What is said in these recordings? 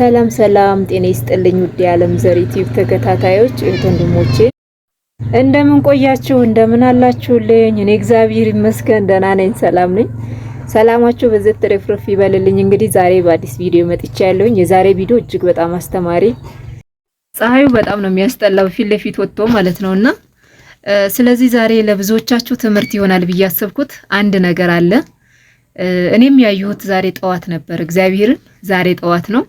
ሰላም ሰላም፣ ጤና ይስጥልኝ ውድ የዓለም ዘር ዩቲዩብ ተከታታዮች እህት ወንድሞቼ እንደምን ቆያችሁ? እንደምን አላችሁልኝ? እኔ እግዚአብሔር ይመስገን ደህና ነኝ፣ ሰላም ነኝ። ሰላማችሁ በዘት ትረፍረፍ ይበልልኝ። እንግዲህ ዛሬ በአዲስ ቪዲዮ መጥቻለሁኝ። የዛሬ ቪዲዮ እጅግ በጣም አስተማሪ፣ ፀሐዩ በጣም ነው የሚያስጠላው ፊት ለፊት ወጥቶ ማለት ነውና ስለዚህ ዛሬ ለብዙዎቻችሁ ትምህርት ይሆናል ብዬ ያሰብኩት አንድ ነገር አለ። እኔም ያየሁት ዛሬ ጠዋት ነበር። እግዚአብሔርን ዛሬ ጠዋት ነው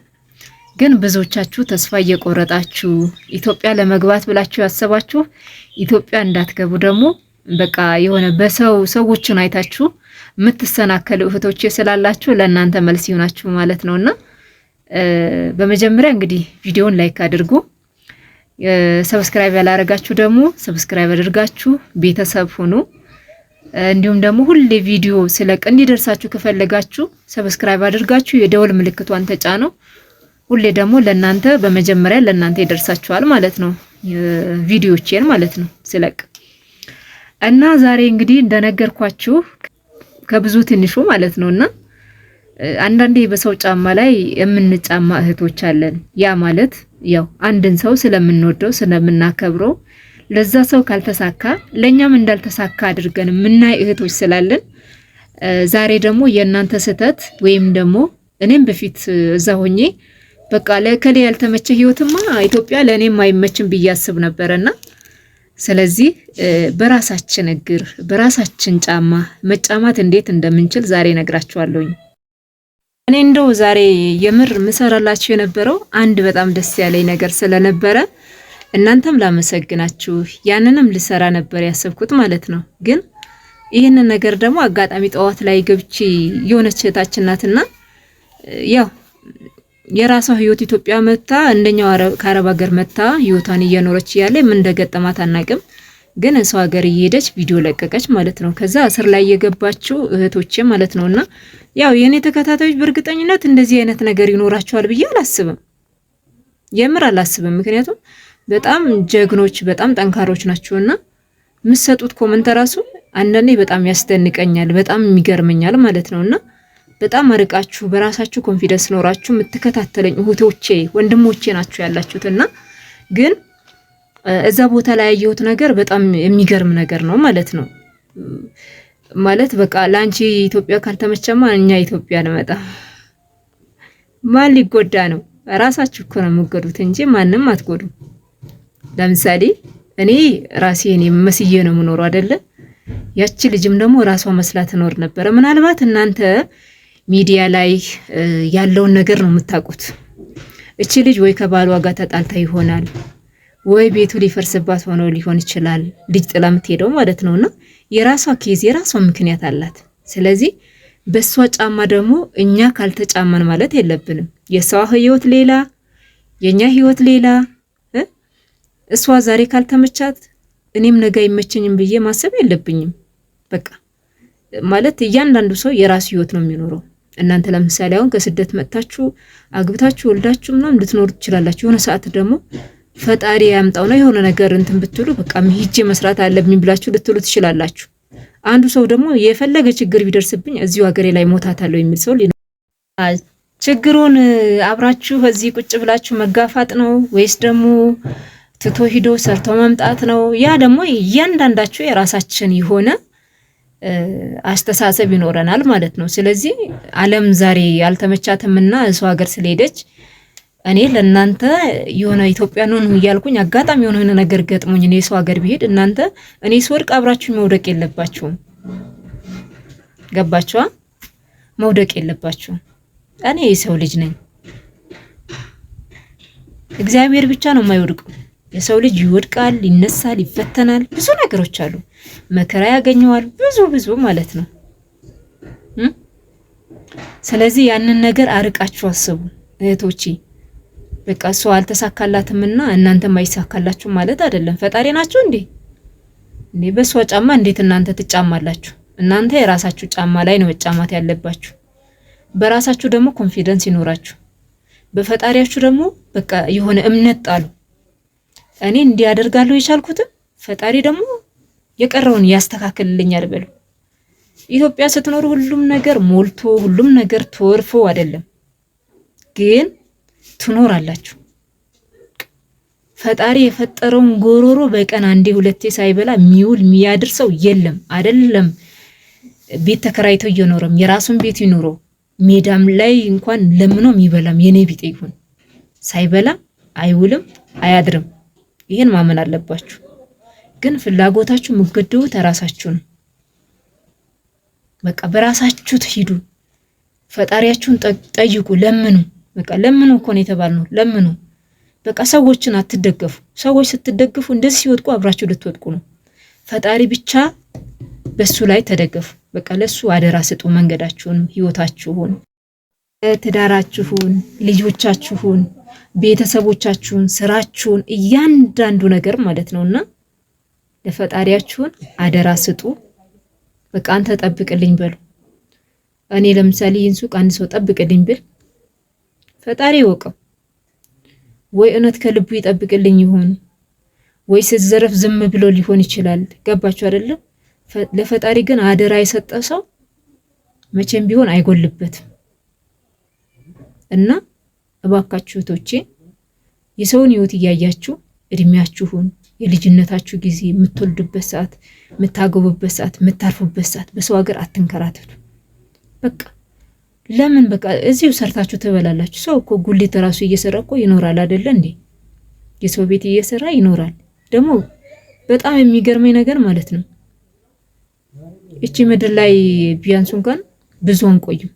ግን ብዙዎቻችሁ ተስፋ እየቆረጣችሁ ኢትዮጵያ ለመግባት ብላችሁ ያሰባችሁ ኢትዮጵያ እንዳትገቡ ደግሞ በቃ የሆነ በሰው ሰዎችን አይታችሁ የምትሰናከሉ እህቶቼ ስላላችሁ ለእናንተ መልስ ይሆናችሁ ማለት ነውና በመጀመሪያ እንግዲህ ቪዲዮውን ላይክ አድርጉ። ሰብስክራይብ ያላረጋችሁ ደግሞ ሰብስክራይብ አድርጋችሁ ቤተሰብ ሁኑ። እንዲሁም ደግሞ ሁሌ ቪዲዮ ስለቅ እንዲደርሳችሁ ከፈለጋችሁ ሰብስክራይብ አድርጋችሁ የደወል ምልክቷን ተጫነው። ሁሌ ደግሞ ለእናንተ በመጀመሪያ ለእናንተ ይደርሳችኋል ማለት ነው፣ ቪዲዮቼን ማለት ነው ስለቅ እና ዛሬ እንግዲህ እንደነገርኳችሁ ከብዙ ትንሹ ማለት ነው እና አንዳንዴ በሰው ጫማ ላይ የምንጫማ እህቶች አለን። ያ ማለት ያው አንድን ሰው ስለምንወደው ስለምናከብረው ለዛ ሰው ካልተሳካ ለእኛም እንዳልተሳካ አድርገን የምናይ እህቶች ስላለን ዛሬ ደግሞ የእናንተ ስህተት ወይም ደግሞ እኔም በፊት እዛ ሆኜ በቃ ለከሌ ያልተመቸ ህይወትማ ኢትዮጵያ ለእኔም አይመችም ብዬ አስብ ነበረና ስለዚህ በራሳችን እግር በራሳችን ጫማ መጫማት እንዴት እንደምንችል ዛሬ ነግራችኋለሁኝ። እኔ እንደው ዛሬ የምር ምሰራላችሁ የነበረው አንድ በጣም ደስ ያለኝ ነገር ስለነበረ እናንተም ላመሰግናችሁ ያንንም ልሰራ ነበር ያሰብኩት ማለት ነው። ግን ይህንን ነገር ደግሞ አጋጣሚ ጠዋት ላይ ገብቼ የሆነች እህታችን ናትና ያው የራሷ ህይወት ኢትዮጵያ መታ እንደኛው ከአረብ ሀገር መታ ህይወቷን እየኖረች እያለ ምን እንደገጠማት አናቅም። ግን ሰው ሀገር እየሄደች ቪዲዮ ለቀቀች ማለት ነው። ከዛ እስር ላይ የገባችው እህቶቼ ማለት ነው። እና ያው የእኔ ተከታታዮች በእርግጠኝነት እንደዚህ አይነት ነገር ይኖራቸዋል ብዬ አላስብም፣ የምር አላስብም። ምክንያቱም በጣም ጀግኖች፣ በጣም ጠንካሮች ናቸው። እና የምትሰጡት ኮመንት ራሱ አንዳንዴ በጣም ያስደንቀኛል፣ በጣም ይገርመኛል ማለት ነው እና በጣም አርቃችሁ በራሳችሁ ኮንፊደንስ ኖራችሁ የምትከታተለኝ እህቶቼ ወንድሞቼ ናችሁ ያላችሁት እና ግን እዛ ቦታ ላይ ያየሁት ነገር በጣም የሚገርም ነገር ነው ማለት ነው። ማለት በቃ ለአንቺ ኢትዮጵያ ካልተመቸማ እኛ ኢትዮጵያ አልመጣም። ማን ሊጎዳ ነው? ራሳችሁ እኮ ነው የምትጎዱት እንጂ ማንም አትጎዱም። ለምሳሌ እኔ ራሴ እኔ መስዬ ነው የምኖረው አይደለ? ያቺ ልጅም ደግሞ ራሷ መስላ ትኖር ነበረ። ምናልባት እናንተ ሚዲያ ላይ ያለውን ነገር ነው የምታውቁት። እቺ ልጅ ወይ ከባሏ ጋር ተጣልታ ይሆናል ወይ ቤቱ ሊፈርስባት ሆኖ ሊሆን ይችላል። ልጅ ጥላ የምትሄደው ማለት ነው። እና የራሷ ኬዝ የራሷ ምክንያት አላት። ስለዚህ በእሷ ጫማ ደግሞ እኛ ካልተጫማን ማለት የለብንም። የእሷ ህይወት ሌላ፣ የእኛ ህይወት ሌላ። እሷ ዛሬ ካልተመቻት እኔም ነገ አይመቸኝም ብዬ ማሰብ የለብኝም። በቃ ማለት እያንዳንዱ ሰው የራሱ ህይወት ነው የሚኖረው። እናንተ ለምሳሌ አሁን ከስደት መጥታችሁ አግብታችሁ ወልዳችሁ ምናምን ልትኖሩ ትችላላችሁ። የሆነ ሰዓት ደግሞ ፈጣሪ ያምጣው ነው የሆነ ነገር እንትን ብትሉ በቃ ሂጄ መስራት አለብኝ ብላችሁ ልትሉ ትችላላችሁ። አንዱ ሰው ደግሞ የፈለገ ችግር ቢደርስብኝ እዚሁ ሀገሬ ላይ ሞታታለሁ የሚል ሰው ችግሩን አብራችሁ እዚህ ቁጭ ብላችሁ መጋፋጥ ነው ወይስ ደግሞ ትቶ ሂዶ ሰርቶ መምጣት ነው? ያ ደግሞ እያንዳንዳችሁ የራሳችን የሆነ አስተሳሰብ ይኖረናል ማለት ነው። ስለዚህ ዓለም ዛሬ ያልተመቻትምና እሱ ሀገር ስለሄደች እኔ ለእናንተ የሆነ ኢትዮጵያን ሆኑ እያልኩኝ አጋጣሚ የሆነ ነገር ገጥሞኝ እኔ ሰው ሀገር ብሄድ እናንተ እኔ ስወድቅ አብራችሁን መውደቅ የለባችሁም። ገባችኋ? መውደቅ የለባችሁም። እኔ የሰው ልጅ ነኝ። እግዚአብሔር ብቻ ነው የማይወድቀው። የሰው ልጅ ይወድቃል፣ ይነሳል፣ ይፈተናል። ብዙ ነገሮች አሉ። መከራ ያገኘዋል። ብዙ ብዙ ማለት ነው። ስለዚህ ያንን ነገር አርቃችሁ አስቡ እህቶቼ። በቃ እሷ አልተሳካላትምና እናንተም አይሳካላችሁ ማለት አይደለም። ፈጣሪ ናችሁ እንዴ? እኔ በእሷ ጫማ እንዴት እናንተ ትጫማላችሁ? እናንተ የራሳችሁ ጫማ ላይ ነው መጫማት ያለባችሁ። በራሳችሁ ደግሞ ኮንፊደንስ ይኖራችሁ፣ በፈጣሪያችሁ ደግሞ በቃ የሆነ እምነት ጣሉ። እኔ እንዲያደርጋለሁ የቻልኩትም ፈጣሪ ደግሞ የቀረውን ያስተካክልልኛል በሉ። ኢትዮጵያ ስትኖር ሁሉም ነገር ሞልቶ ሁሉም ነገር ተወርፎ አይደለም ግን ትኖራላችሁ። ፈጣሪ የፈጠረውን ጎሮሮ በቀን አንዴ ሁለቴ ሳይበላ የሚውል የሚያድር ሰው የለም። አይደለም ቤት ተከራይቶ እየኖረም የራሱን ቤት ይኑሮ ሜዳም ላይ እንኳን ለምኖ የሚበላም የኔ ቢጤ ይሁን ሳይበላ አይውልም አያድርም። ይህን ማመን አለባችሁ። ግን ፍላጎታችሁ የምትገድቡት ራሳችሁ ነው። በቃ በራሳችሁ ትሂዱ። ፈጣሪያችሁን ጠይቁ፣ ለምኑ። በቃ ለምኑ እኮ ነው የተባልነው። ለምኑ በቃ ሰዎችን አትደገፉ። ሰዎች ስትደግፉ እንደዚህ ሲወድቁ አብራችሁ ልትወድቁ ነው። ፈጣሪ ብቻ በሱ ላይ ተደገፉ። በቃ ለሱ አደራ ስጡ መንገዳችሁን፣ ህይወታችሁን። ትዳራችሁን፣ ልጆቻችሁን፣ ቤተሰቦቻችሁን፣ ስራችሁን እያንዳንዱ ነገር ማለት ነው እና ለፈጣሪያችሁን አደራ ስጡ። በቃ አንተ ጠብቅልኝ በሉ። እኔ ለምሳሌ ይህን ሱቅ አንድ ሰው ጠብቅልኝ ብል ፈጣሪ ይወቀው። ወይ እውነት ከልቡ ይጠብቅልኝ ይሆን ወይ ስትዘረፍ ዝም ብሎ ሊሆን ይችላል። ገባችሁ አይደለም? ለፈጣሪ ግን አደራ የሰጠ ሰው መቼም ቢሆን አይጎልበትም። እና እባካችሁ እህቶቼ የሰውን ህይወት እያያችሁ እድሜያችሁን የልጅነታችሁ ጊዜ የምትወልዱበት ሰዓት፣ የምታገቡበት ሰዓት፣ የምታርፉበት ሰዓት በሰው ሀገር አትንከራተቱ። በቃ ለምን በቃ እዚሁ ሰርታችሁ ትበላላችሁ። ሰው እኮ ጉሊት ራሱ እየሰራ እኮ ይኖራል አደለ እንዴ? የሰው ቤት እየሰራ ይኖራል። ደግሞ በጣም የሚገርመኝ ነገር ማለት ነው እቺ ምድር ላይ ቢያንሱ እንኳን ብዙ አንቆይም።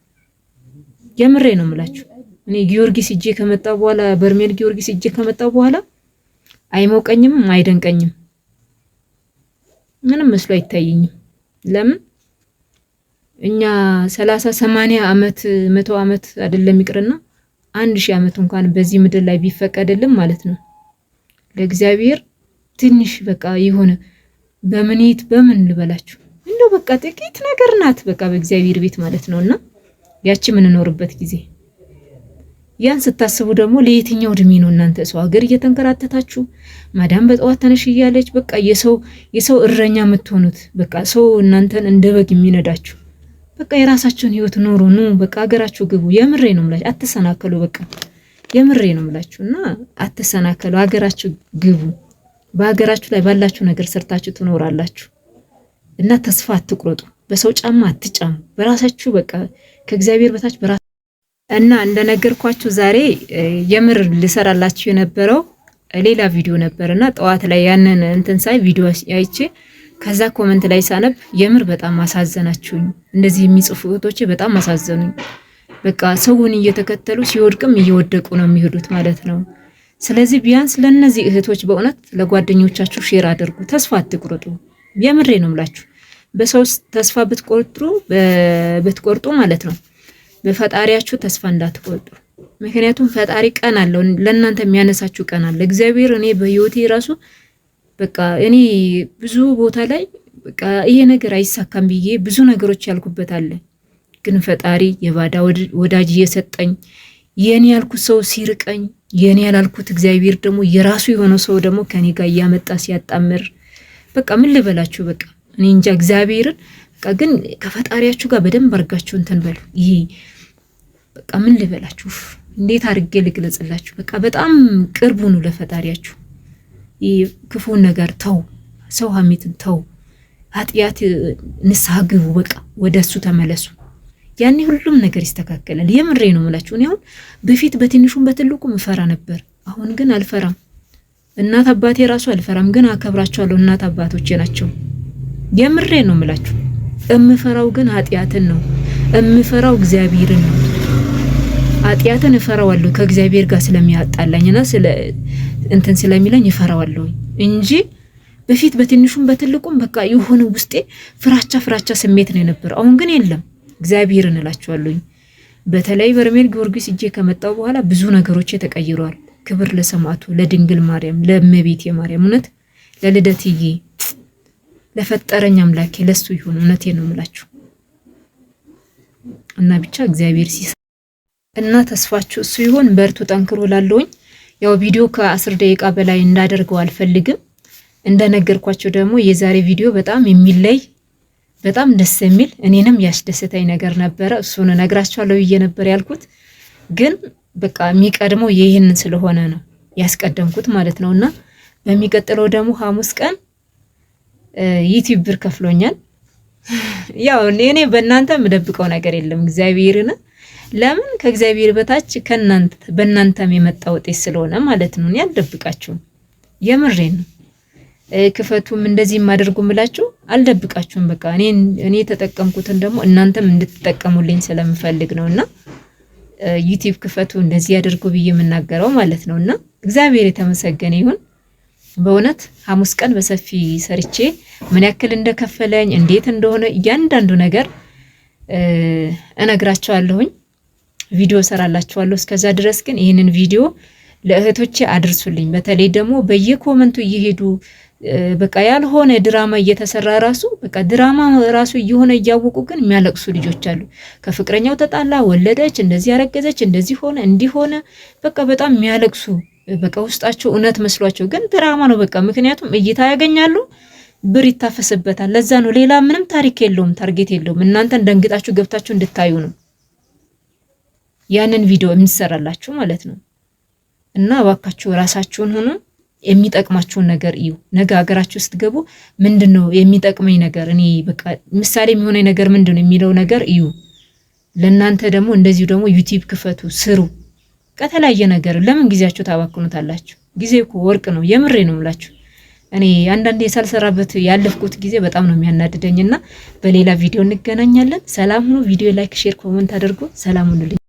የምሬ ነው የምላችሁ። እኔ ጊዮርጊስ እጄ ከመጣ በኋላ በርሜል ጊዮርጊስ እጄ ከመጣ በኋላ አይሞቀኝም፣ አይደንቀኝም፣ ምንም መስሎ አይታየኝም። ለምን እኛ ሰላሳ ሰማንያ አመት መቶ አመት አይደለም ይቅርና አንድ ሺህ አመት እንኳን በዚህ ምድር ላይ ቢፈቀድልም ማለት ነው ለእግዚአብሔር ትንሽ በቃ የሆነ በምኔት በምን ልበላችሁ እንደው በቃ ጥቂት ነገር ናት በቃ በእግዚአብሔር ቤት ማለት ነው እና ያቺ የምንኖርበት ጊዜ ያን ስታስቡ ደግሞ ለየትኛው እድሜ ነው እናንተ ሰው ሀገር እየተንከራተታችሁ ማዳም በጠዋት ተነሽ እያለች በቃ የሰው የሰው እረኛ የምትሆኑት በቃ ሰው እናንተን እንደ በግ የሚነዳችሁ በቃ የራሳችሁን ህይወት ኖሩ ኑ በቃ ሀገራችሁ ግቡ። የምሬ ነው ምላችሁ አትሰናከሉ። በቃ የምሬ ነው ምላችሁ እና አትሰናከሉ፣ ሀገራችሁ ግቡ። በሀገራችሁ ላይ ባላችሁ ነገር ሰርታችሁ ትኖራላችሁ እና ተስፋ አትቁረጡ። በሰው ጫማ አትጫሙ። በራሳችሁ በቃ ከእግዚአብሔር በታች በራ እና እንደነገርኳችሁ ዛሬ የምር ልሰራላችሁ የነበረው ሌላ ቪዲዮ ነበርና ጠዋት ላይ ያንን እንትን ሳይ ቪዲዮ አይቼ ከዛ ኮመንት ላይ ሳነብ የምር በጣም አሳዘናችሁኝ። እንደዚህ የሚጽፉ እህቶቼ በጣም አሳዘኑኝ። በቃ ሰውን እየተከተሉ ሲወድቅም እየወደቁ ነው የሚሄዱት ማለት ነው። ስለዚህ ቢያንስ ለእነዚህ እህቶች በእውነት ለጓደኞቻችሁ ሼር አድርጉ። ተስፋ አትቁረጡ። የምሬ ነው ምላችሁ በሰው ተስፋ ብትቆርጡ ብትቆርጡ ማለት ነው በፈጣሪያችሁ ተስፋ እንዳትቆርጡ። ምክንያቱም ፈጣሪ ቀን አለው፣ ለእናንተ የሚያነሳችሁ ቀን አለ። እግዚአብሔር እኔ በህይወቴ ራሱ በቃ እኔ ብዙ ቦታ ላይ በቃ ይሄ ነገር አይሳካም ብዬ ብዙ ነገሮች ያልኩበት አለ። ግን ፈጣሪ የባዳ ወዳጅ እየሰጠኝ የኔ ያልኩት ሰው ሲርቀኝ የኔ ያላልኩት እግዚአብሔር ደግሞ የራሱ የሆነው ሰው ደግሞ ከኔ ጋር እያመጣ ሲያጣምር በቃ ምን ልበላችሁ፣ በቃ እኔ እንጃ እግዚአብሔርን። በቃ ግን ከፈጣሪያችሁ ጋር በደንብ አድርጋችሁ እንትን በሉ ይሄ በቃ ምን ልበላችሁ፣ እንዴት አድርጌ ልግለጽላችሁ? በቃ በጣም ቅርቡ ኑ ለፈጣሪያችሁ። ክፉን ነገር ተው፣ ሰው ሀሜትን ተው፣ ኃጢአት ንስሐ ግቡ፣ በቃ ወደ እሱ ተመለሱ። ያኔ ሁሉም ነገር ይስተካከላል። የምሬ ነው የምላችሁ። እኔ አሁን በፊት በትንሹም በትልቁ እፈራ ነበር፣ አሁን ግን አልፈራም። እናት አባቴ ራሱ አልፈራም፣ ግን አከብራቸዋለሁ። እናት አባቶቼ ናቸው። የምሬ ነው የምላችሁ። እምፈራው ግን ኃጢአትን ነው እምፈራው እግዚአብሔርን ነው። ኃጢአትን እፈራዋለሁ ከእግዚአብሔር ጋር ስለሚያጣላኝና ስለ እንትን ስለሚለኝ እፈራዋለሁ እንጂ በፊት በትንሹም በትልቁም በቃ የሆነ ውስጤ ፍራቻ ፍራቻ ስሜት ነው የነበረው። አሁን ግን የለም። እግዚአብሔርን እላችኋለሁኝ በተለይ በርሜል ጊዮርጊስ እጄ ከመጣው በኋላ ብዙ ነገሮች ተቀይረዋል። ክብር ለሰማዕቱ ለድንግል ማርያም ለእመቤቴ ማርያም እውነት ለልደትዬ ለፈጠረኝ አምላኬ ለሱ ይሁን። እውነቴ ነው የምላችሁ እና ብቻ እግዚአብሔር ሲሰ እና ተስፋችሁ እሱ ይሆን። በርቱ፣ ጠንክሮ ላለውኝ ያው ቪዲዮ ከአስር ደቂቃ በላይ እንዳደርገው አልፈልግም። እንደነገርኳቸው ደግሞ የዛሬ ቪዲዮ በጣም የሚለይ በጣም ደስ የሚል እኔንም ያስደሰተኝ ነገር ነበረ። እሱን እነግራችኋለሁ ብዬ ነበር ያልኩት፣ ግን በቃ የሚቀድመው ይህን ስለሆነ ነው ያስቀደምኩት ማለት ነው። እና በሚቀጥለው ደግሞ ሐሙስ ቀን ዩቲዩብ ብር ከፍሎኛል። ያው እኔ በእናንተ የምደብቀው ነገር የለም እግዚአብሔርን ለምን ከእግዚአብሔር በታች ከእናንተ በእናንተም የመጣ ውጤት ስለሆነ ማለት ነው። እኔ አልደብቃችሁም፣ የምሬን ነው። ክፈቱም እንደዚህ ማደርጉ ምላችሁ አልደብቃችሁም። በቃ እኔ እኔ የተጠቀምኩትን ደግሞ እናንተም እንድትጠቀሙልኝ ስለምፈልግ ነው እና ዩቲዩብ ክፈቱ እንደዚህ ያደርጉ ብዬ የምናገረው ማለት ነው እና እግዚአብሔር የተመሰገነ ይሁን። በእውነት ሐሙስ ቀን በሰፊ ሰርቼ ምን ያክል እንደከፈለኝ እንዴት እንደሆነ እያንዳንዱ ነገር እነግራቸዋለሁኝ። ቪዲዮ ሰራላችኋለሁ። እስከዛ ድረስ ግን ይህንን ቪዲዮ ለእህቶቼ አድርሱልኝ። በተለይ ደግሞ በየኮመንቱ እየሄዱ በቃ ያልሆነ ድራማ እየተሰራ ራሱ በቃ ድራማ ራሱ እየሆነ እያወቁ ግን የሚያለቅሱ ልጆች አሉ። ከፍቅረኛው ተጣላ፣ ወለደች፣ እንደዚህ ያረገዘች፣ እንደዚህ ሆነ፣ እንዲሆነ በቃ በጣም የሚያለቅሱ በቃ ውስጣቸው እውነት መስሏቸው ግን ድራማ ነው በቃ። ምክንያቱም እይታ ያገኛሉ፣ ብር ይታፈስበታል። ለዛ ነው ሌላ ምንም ታሪክ የለውም፣ ታርጌት የለውም። እናንተ እንደንግጣችሁ ገብታችሁ እንድታዩ ነው። ያንን ቪዲዮ የሚሰራላችሁ ማለት ነው። እና እባካችሁ ራሳችሁን ሆኖ የሚጠቅማችሁን ነገር እዩ። ነገ ሀገራችሁ ስትገቡ ምንድን ነው የሚጠቅመኝ ነገር እኔ በቃ ምሳሌ የሚሆነኝ ነገር ምንድን ነው የሚለው ነገር እዩ። ለእናንተ ደግሞ እንደዚሁ ደግሞ ዩቲዩብ ክፈቱ፣ ስሩ። ከተለያየ ነገር ለምን ጊዜያችሁ ታባክኑታላችሁ? ጊዜ እኮ ወርቅ ነው። የምሬ ነው ምላችሁ እኔ አንዳንዴ ሳልሰራበት ያለፍኩት ጊዜ በጣም ነው የሚያናድደኝ እና በሌላ ቪዲዮ እንገናኛለን። ሰላም ሁኑ። ቪዲዮ ላይክ፣ ሼር፣ ኮመንት አድርጎ ሰላም ሁኑልኝ።